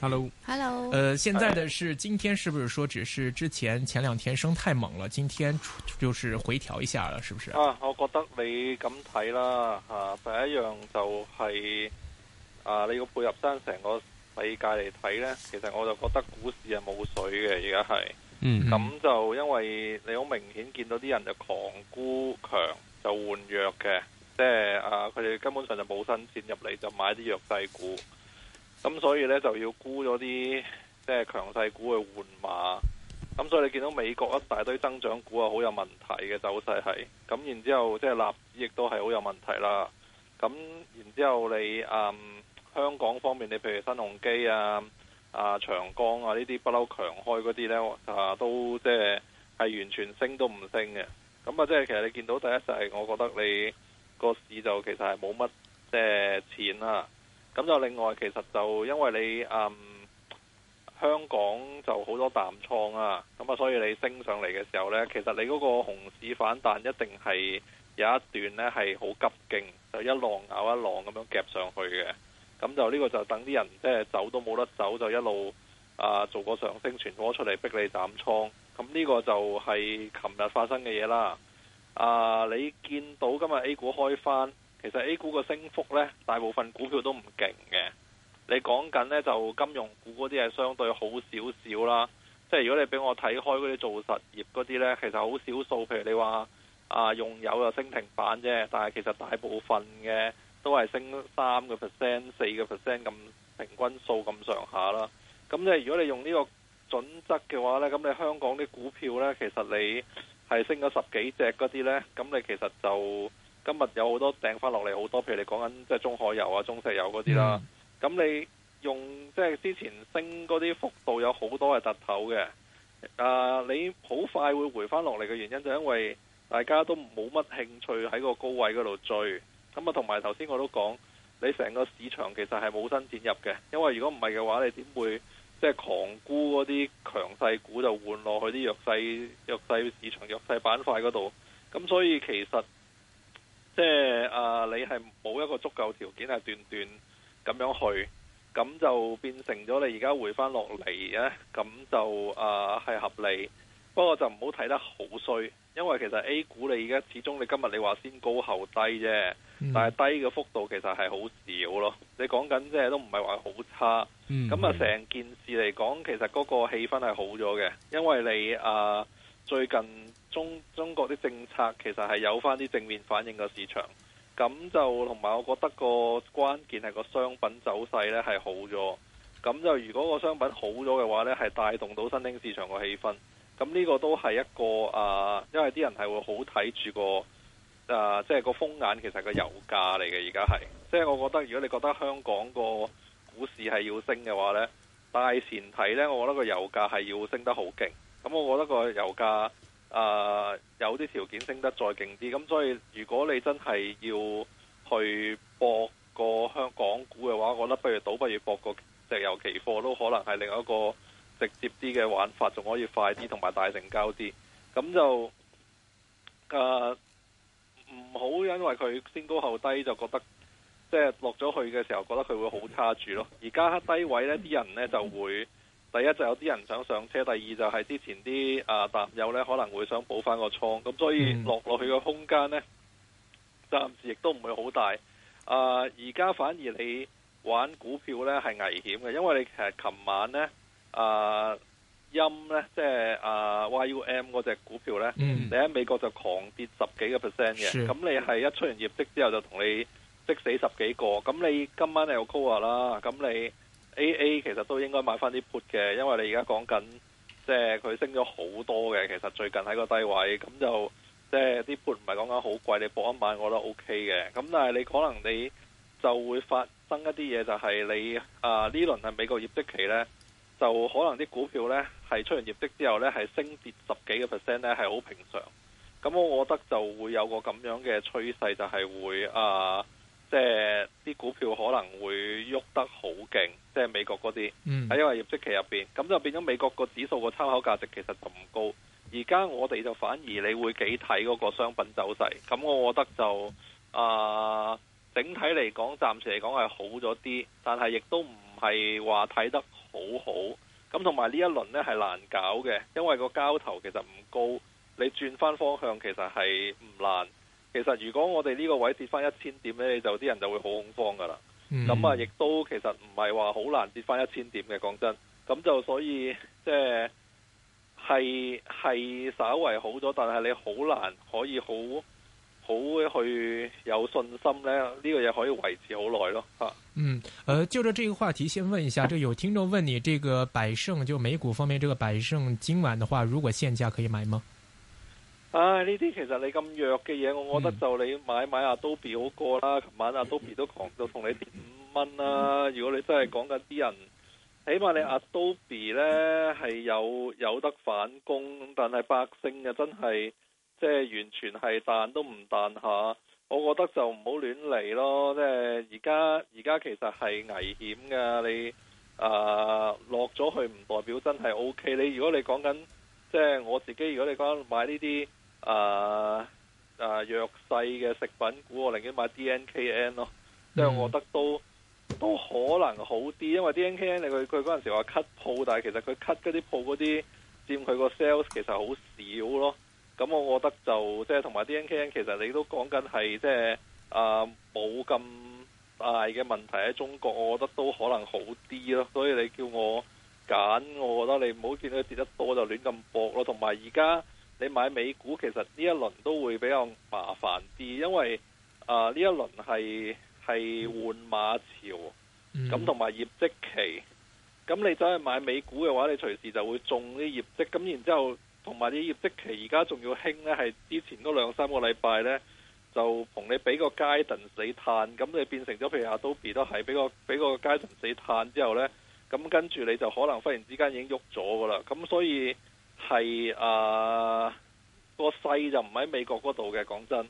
hello，hello，Hello. 呃，現在的是今天，是不是說只是之前前兩天升太猛了，今天就是回調一下了，是不是？啊，我覺得你咁睇啦，吓、啊、第一樣就係、是、啊，你要配合翻成個世界嚟睇咧，其實我就覺得股市係冇水嘅，而家係，嗯哼，咁就因為你好明顯見到啲人就狂沽強，就換弱嘅，即係啊，佢哋根本上就冇新錢入嚟，就買啲弱勢股。咁所以呢，就要沽咗啲即係強勢股去換馬，咁所以你見到美國一大堆增長股啊，好有問題嘅走勢係，咁然之後即係納指亦都係好有問題啦。咁然之後你誒、嗯、香港方面，你譬如新鴻基啊、啊長江啊呢啲不嬲強開嗰啲呢，啊都即係係完全升都唔升嘅。咁啊，即係其實你見到第一世，我覺得你個市就其實係冇乜即係錢啦、啊。咁就另外，其實就因為你嗯，香港就好多淡倉啊，咁啊所以你升上嚟嘅時候呢，其實你嗰個熊市反彈一定係有一段呢係好急勁，就一浪咬一浪咁樣夾上去嘅。咁就呢個就等啲人即係走都冇得走，就一路啊做個上升傳波出嚟逼你斬倉。咁呢個就係琴日發生嘅嘢啦。啊，你見到今日 A 股開返？其實 A 股嘅升幅呢，大部分股票都唔勁嘅。你講緊呢，就金融股嗰啲係相對好少少啦。即係如果你俾我睇開嗰啲做實業嗰啲呢，其實好少數。譬如你話啊，用友就升停板啫，但係其實大部分嘅都係升三個 percent、四個 percent 咁平均數咁上下啦。咁即係如果你用呢個準則嘅話呢，咁你香港啲股票呢，其實你係升咗十幾隻嗰啲呢，咁你其實就。今日有好多掟翻落嚟，好多，譬如你講緊即係中海油啊、中石油嗰啲啦。咁、嗯、你用即係之前升嗰啲幅度有好多係凸頭嘅。啊、呃，你好快會回翻落嚟嘅原因就因為大家都冇乜興趣喺個高位嗰度追。咁啊，同埋頭先我都講，你成個市場其實係冇新展入嘅，因為如果唔係嘅話，你點會即係狂沽嗰啲強勢股就換落去啲弱勢、弱勢市場、弱勢板塊嗰度？咁所以其實。即係啊，你係冇一個足夠條件係斷斷咁樣去，咁就變成咗你而家回翻落嚟咧，咁就啊係合理。不過就唔好睇得好衰，因為其實 A 股你而家始終你今日你話先高後低啫，嗯、但係低嘅幅度其實係好少咯。你講緊即係都唔係話好差，咁啊成件事嚟講，其實嗰個氣氛係好咗嘅，因為你啊最近。中中國啲政策其實係有翻啲正面反應個市場，咁就同埋我覺得個關鍵係個商品走勢呢係好咗，咁就如果個商品好咗嘅話呢，係帶動到新興市場個氣氛，咁呢個都係一個啊、呃，因為啲人係會好睇住個啊、呃，即係個風眼其實係個油價嚟嘅，而家係，即係我覺得如果你覺得香港個股市係要升嘅話呢，大前提呢，我覺得個油價係要升得好勁，咁我覺得個油價。誒、呃、有啲條件升得再勁啲，咁所以如果你真係要去博個香港股嘅話，我覺得不如倒不如博個石油期貨都可能係另一個直接啲嘅玩法，仲可以快啲同埋大成交啲。咁就誒、唔好因為佢先高後低就覺得即係落咗去嘅時候覺得佢會好差住咯。而家低位呢啲人呢就會。第一就有啲人想上車，第二就係之前啲啊淡友咧可能會想補翻個倉，咁所以落落去嘅空間咧暫時亦都唔會好大。啊、呃，而家反而你玩股票咧係危險嘅，因為你其實琴晚咧啊陰咧，即係啊、呃、YUM 嗰隻股票咧，嗯、你喺美國就狂跌十幾個 percent 嘅。咁的你係一出完業績之後就同你即死十幾個，咁你今晚你有 call 啦，咁你。A A 其實都應該買翻啲 put 嘅，因為你而家講緊，即係佢升咗好多嘅。其實最近喺個低位，咁就即係啲 put 唔係講緊好貴，你博一買，我覺得 O K 嘅。咁但係你可能你就會發生一啲嘢，就係你啊呢輪係美國業績期呢，就可能啲股票呢，係出完業績之後呢，係升跌十幾個 percent 呢，係好平常。咁我覺得就會有個咁樣嘅趨勢，就係、是、會啊。即係啲股票可能會喐得好勁，即係美國嗰啲，係因為業績期入邊，咁就變咗美國個指數個參考價值其實就唔高。而家我哋就反而你會幾睇嗰個商品走勢，咁我覺得就啊、呃，整體嚟講，暫時嚟講係好咗啲，但係亦都唔係話睇得好好。咁同埋呢一輪呢係難搞嘅，因為個交投其實唔高，你轉翻方向其實係唔難。其實如果我哋呢個位跌翻一千點咧，就啲人就會好恐慌噶啦。咁、嗯、啊，亦都其實唔係話好難跌翻一千點嘅，講真。咁就所以即係係稍為好咗，但係你好難可以好好去有信心咧。呢、這個嘢可以維持好耐咯。嗯，誒、呃，就住這個話題，先問一下，就有聽眾問你，這個百勝就美股方面，這個百勝今晚的話，如果現價可以買嗎？唉，呢啲、哎、其實你咁弱嘅嘢，我覺得就你買買 Adobe 好過啦。琴晚 Adobe 都狂到同你跌五蚊啦。如果你真係講緊啲人，起碼你 Adobe 咧係有有得反攻，但係百勝又真係即係完全係彈都唔彈下。我覺得就唔好亂嚟咯。即係而家而家其實係危險嘅，你啊落咗去唔代表真係 OK。你如果你講緊即係我自己，如果你講買呢啲。誒誒，uh, uh, 弱勢嘅食品股，我寧願買 D N K N 咯，即係、嗯、我覺得都都可能好啲，因為 D N K N 你佢佢嗰陣時話 cut 鋪，但係其實佢 cut 嗰啲鋪嗰啲佔佢個 sales 其實好少咯，咁我覺得就即係同埋 D N K N，其實你都講緊係即係誒冇咁大嘅問題喺中國，我覺得都可能好啲咯，所以你叫我揀，我覺得你唔好見佢跌得多就亂咁搏咯，同埋而家。你買美股其實呢一輪都會比較麻煩啲，因為啊呢、呃、一輪係係換馬潮，咁同埋業績期。咁你走去買美股嘅話，你隨時就會中啲業績。咁然之後，同埋啲業績期而家仲要興呢係之前嗰兩三個禮拜呢，就同你俾個 guidance 你探。咁你變成咗譬如 Adobe 都係俾個俾個 guidance 你探之後呢，咁跟住你就可能忽然之間已經喐咗噶啦。咁所以。係啊、呃，個勢就唔喺美國嗰度嘅，講真，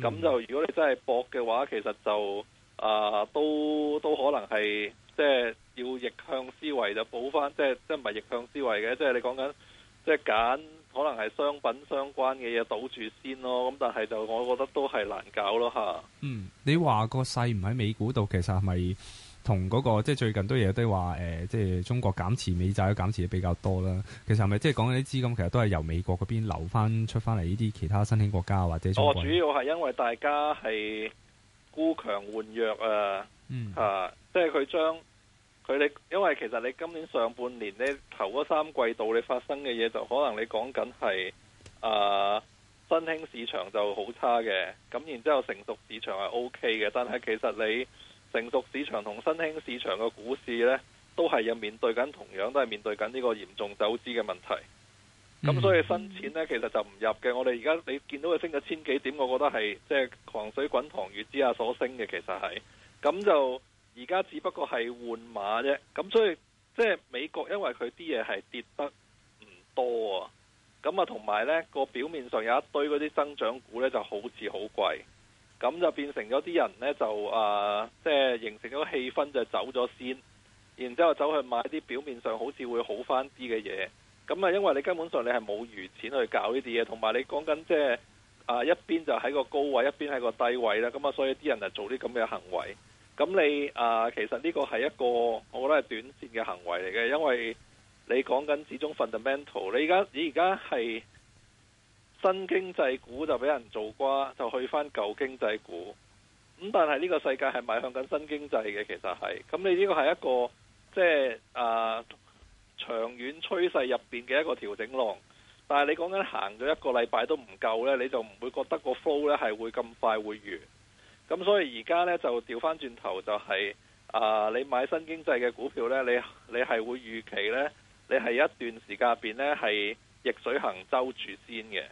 咁就如果你真係搏嘅話，其實就啊、呃，都都可能係即係要逆向思維就補翻，即係即係唔係逆向思維嘅，即係你講緊即係揀可能係商品相關嘅嘢賭住先咯，咁但係就我覺得都係難搞咯吓。嗯，你話個勢唔喺美股度，其實係咪？同嗰個即係最近都有都話、呃、即係中國減持美債都減持比較多啦。其實係咪即係講緊啲資金其實都係由美國嗰邊流翻出翻嚟呢啲其他新興國家或者、哦？主要係因為大家係孤強換弱啊，嗯、啊即係佢將佢哋，因為其實你今年上半年呢頭嗰三季度你發生嘅嘢就可能你講緊係、呃、新興市場就好差嘅，咁然之後成熟市場係 OK 嘅，但係其實你。成熟市場同新興市場嘅股市呢，都係要面對緊同樣都係面對緊呢個嚴重走資嘅問題。咁所以新錢呢，其實就唔入嘅。我哋而家你見到佢升咗千幾點，我覺得係即係狂水滾糖月之下所升嘅，其實係咁就而家只不過係換馬啫。咁所以即係、就是、美國，因為佢啲嘢係跌得唔多啊。咁啊，同埋呢個表面上有一堆嗰啲增長股呢，就好似好貴。咁就變成咗啲人呢，就、呃、即係形成咗氣氛，就走咗先，然之後走去買啲表面上好似會好翻啲嘅嘢。咁啊，因為你根本上你係冇餘錢去搞呢啲嘢，同埋你講緊即係、呃、一邊就喺個高位，一邊喺個低位啦。咁啊，所以啲人就做啲咁嘅行為。咁你、呃、其實呢個係一個，我覺得係短線嘅行為嚟嘅，因為你講緊始終 fundamental，你而家你而家係。新經濟股就俾人做瓜，就去翻舊經濟股。咁、嗯、但係呢個世界係邁向緊新經濟嘅，其實係。咁你呢個係一個即係啊長遠趨勢入面嘅一個調整浪。但係你講緊行咗一個禮拜都唔夠呢，你就唔會覺得個 flow 呢係會咁快會完。咁所以而家呢，就調翻轉頭就係、是、啊，你買新經濟嘅股票呢，你你係會預期呢，你係一段時間入邊呢，係逆水行舟住先嘅。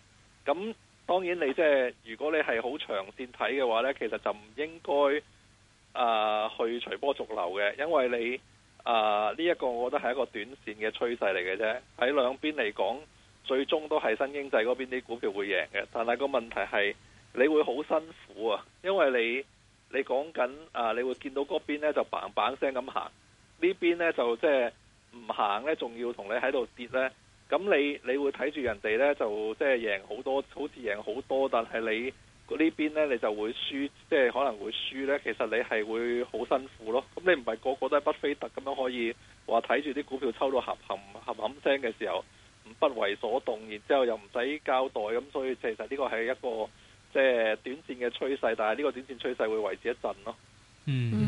咁當然你即係如果你係好長線睇嘅話呢，其實就唔應該啊去隨波逐流嘅，因為你啊呢一個，我覺得係一個短線嘅趨勢嚟嘅啫。喺兩邊嚟講，最終都係新經濟嗰邊啲股票會贏嘅。但係個問題係，你會好辛苦啊，因為你你講緊啊，你會見到嗰邊咧就 bang bang 聲咁行，呢邊呢就即係唔行呢，仲要同你喺度跌呢。咁你你會睇住人哋呢，就即係贏好多，好似贏好多，但係你嗰呢邊呢，你就會輸，即係可能會輸呢，其實你係會好辛苦咯。咁你唔係個個都係巴菲特咁樣可以話睇住啲股票抽到合合合含聲嘅時候，不為所動，然之後又唔使交代，咁所以其實呢個係一個即係短線嘅趨勢，但係呢個短線趨勢會維持一陣咯。嗯。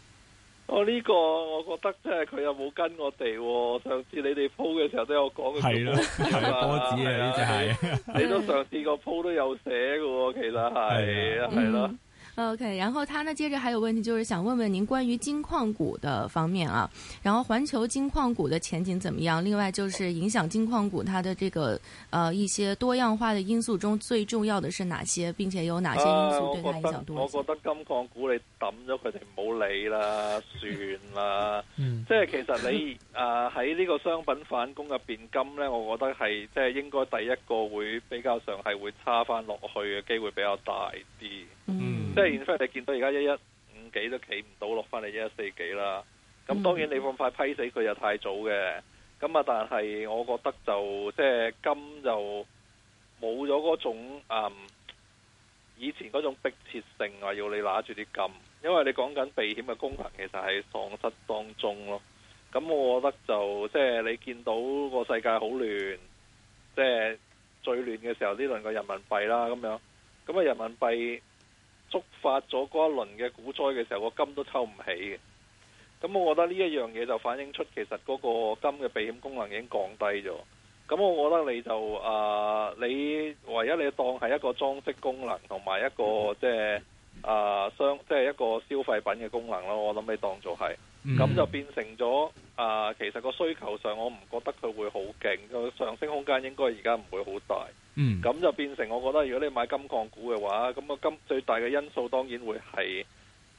我呢，哦呢個我覺得即係佢又冇跟我哋喎。哦，上次你哋鋪嘅時候都有講嘅，係咯，係波子啊，呢隻係你都上次個鋪都有寫嘅喎，其實係，係咯。OK，然後他呢，接着還有問題，就是想問問您關於金礦股的方面啊，然後環球金礦股的前景怎麼樣？另外就是影響金礦股它的這個，呃，一些多樣化的因素中最重要的是哪些，並且有哪些因素對它影響多？我覺得金礦股你抌咗佢哋冇理啦，算啦，嗯，即係其實你啊喺呢個商品反攻入邊金呢，我覺得係即係應該第一個會比較上係會差翻落去嘅機會比較大啲，嗯。即係，所以你見到而家一一五幾都企唔到落翻嚟一一四幾啦。咁當然你咁快批死佢就太早嘅。咁啊，但係我覺得就即係金就冇咗嗰種、嗯、以前嗰種迫切性話要你拿住啲金，因為你講緊避險嘅功能其實係喪失當中咯。咁我覺得就即係你見到個世界好亂，即係最亂嘅時候，呢輪嘅人民幣啦咁樣，咁啊人民幣，觸發咗嗰一輪嘅股災嘅時候，個金都抽唔起嘅。咁我覺得呢一樣嘢就反映出其實嗰個金嘅避險功能已經降低咗。咁我覺得你就啊、呃，你唯一你當係一個裝飾功能同埋一個即係啊，商即係一個消費品嘅功能咯。我諗你當做係，咁、嗯、就變成咗啊、呃。其實個需求上，我唔覺得佢會好勁，個上升空間應該而家唔會好大。嗯，咁就變成我覺得如果你買金礦股嘅話，咁個金最大嘅因素當然會係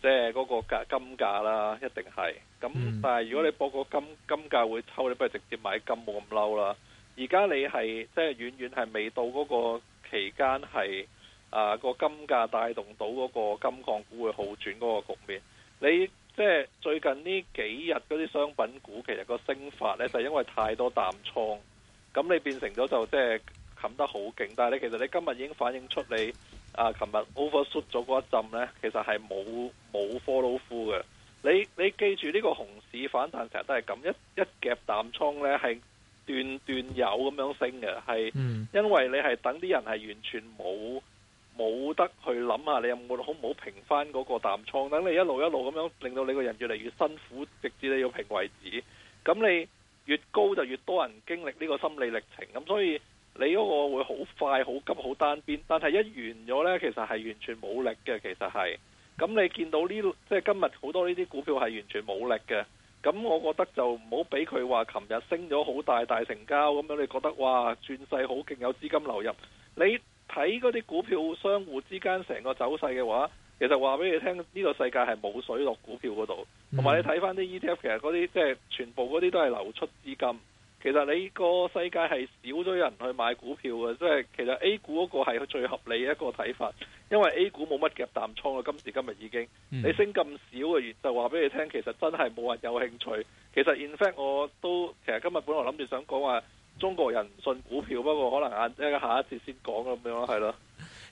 即係嗰個價金價啦，一定係。咁但係如果你博個金金價會抽，你不如直接買金冇咁嬲啦。而家你係即係遠遠係未到嗰個期間，係啊個金價帶動到嗰個金礦股會好轉嗰個局面。你即係最近呢幾日嗰啲商品股其實個升法咧，就因為太多淡倉，咁你變成咗就即係。冚得好勁，但係你其實你今日已經反映出你啊，琴日 overshoot 咗嗰一陣呢，其實係冇冇 follow through 嘅。你你記住呢個熊市反彈成日都係咁，一一夾淡倉呢係斷斷有咁樣升嘅，係因為你係等啲人係完全冇冇得去諗下你有冇好唔好平翻嗰個淡倉，等你一路一路咁樣令到你個人越嚟越辛苦，直至你要平為止。咁你越高就越多人經歷呢個心理歷程，咁所以。你嗰個會好快、好急、好單邊，但係一完咗呢，其實係完全冇力嘅。其實係咁，那你見到呢即係今日好多呢啲股票係完全冇力嘅。咁我覺得就唔好俾佢話，琴日升咗好大大成交咁樣，你覺得，嘩，轉勢好勁，有資金流入。你睇嗰啲股票相互之間成個走勢嘅話，其實話俾你聽，呢個世界係冇水落股票嗰度，同埋你睇翻啲 ETF 其實嗰啲即係全部嗰啲都係流出資金。其實你個世界係少咗人去買股票嘅，即係其實 A 股嗰個係最合理一個睇法，因為 A 股冇乜夾淡倉啊，今時今日已經你升咁少嘅月，就話俾你聽，其實真係冇人有興趣。其實 in fact 我都其實今日本來諗住想講話。中國人唔信股票，不過可能啊，下一次先講咁樣咯，係咯。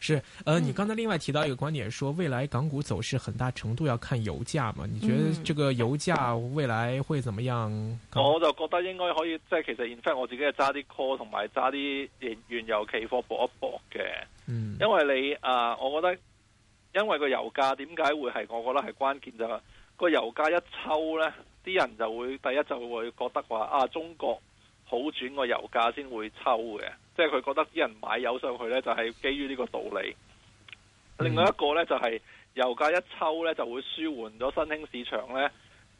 是，呃，你剛才另外提到一個觀點說，說未來港股走勢很大程度要看油價嘛？你覺得這個油價未來會怎麼樣？我就覺得應該可以，即係其實 in fact 我自己係揸啲 call 同埋揸啲原油期貨搏一搏嘅。嗯、因為你啊、呃，我覺得因為個油價點解會係我覺得係關鍵就係個油價一抽咧，啲人就會第一就會覺得話啊，中國。好轉個油價先會抽嘅，即係佢覺得啲人買油上去呢，就係基於呢個道理。另外一個呢，就係油價一抽呢，就會舒緩咗新興市場呢，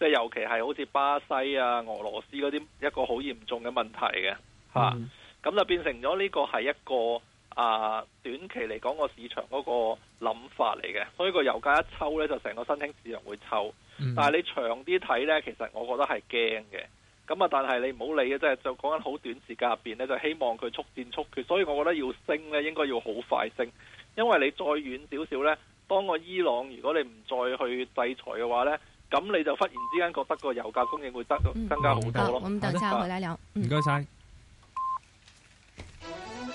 即係尤其係好似巴西啊、俄羅斯嗰啲一個好嚴重嘅問題嘅，吓、mm. 啊。咁就變成咗呢個係一個啊短期嚟講個市場嗰個諗法嚟嘅。所以個油價一抽呢，就成個新興市場會抽。Mm. 但係你長啲睇呢，其實我覺得係驚嘅。咁啊，但係你唔好理啊，即係就講緊好短時間入面，咧，就希望佢速戰速決。所以我覺得要升咧，應該要好快升，因為你再遠少少咧，當個伊朗如果你唔再去制裁嘅話咧，咁你就忽然之間覺得個油價供應會增加多、嗯嗯、好多咯。咁多謝佢啦，兩唔該晒。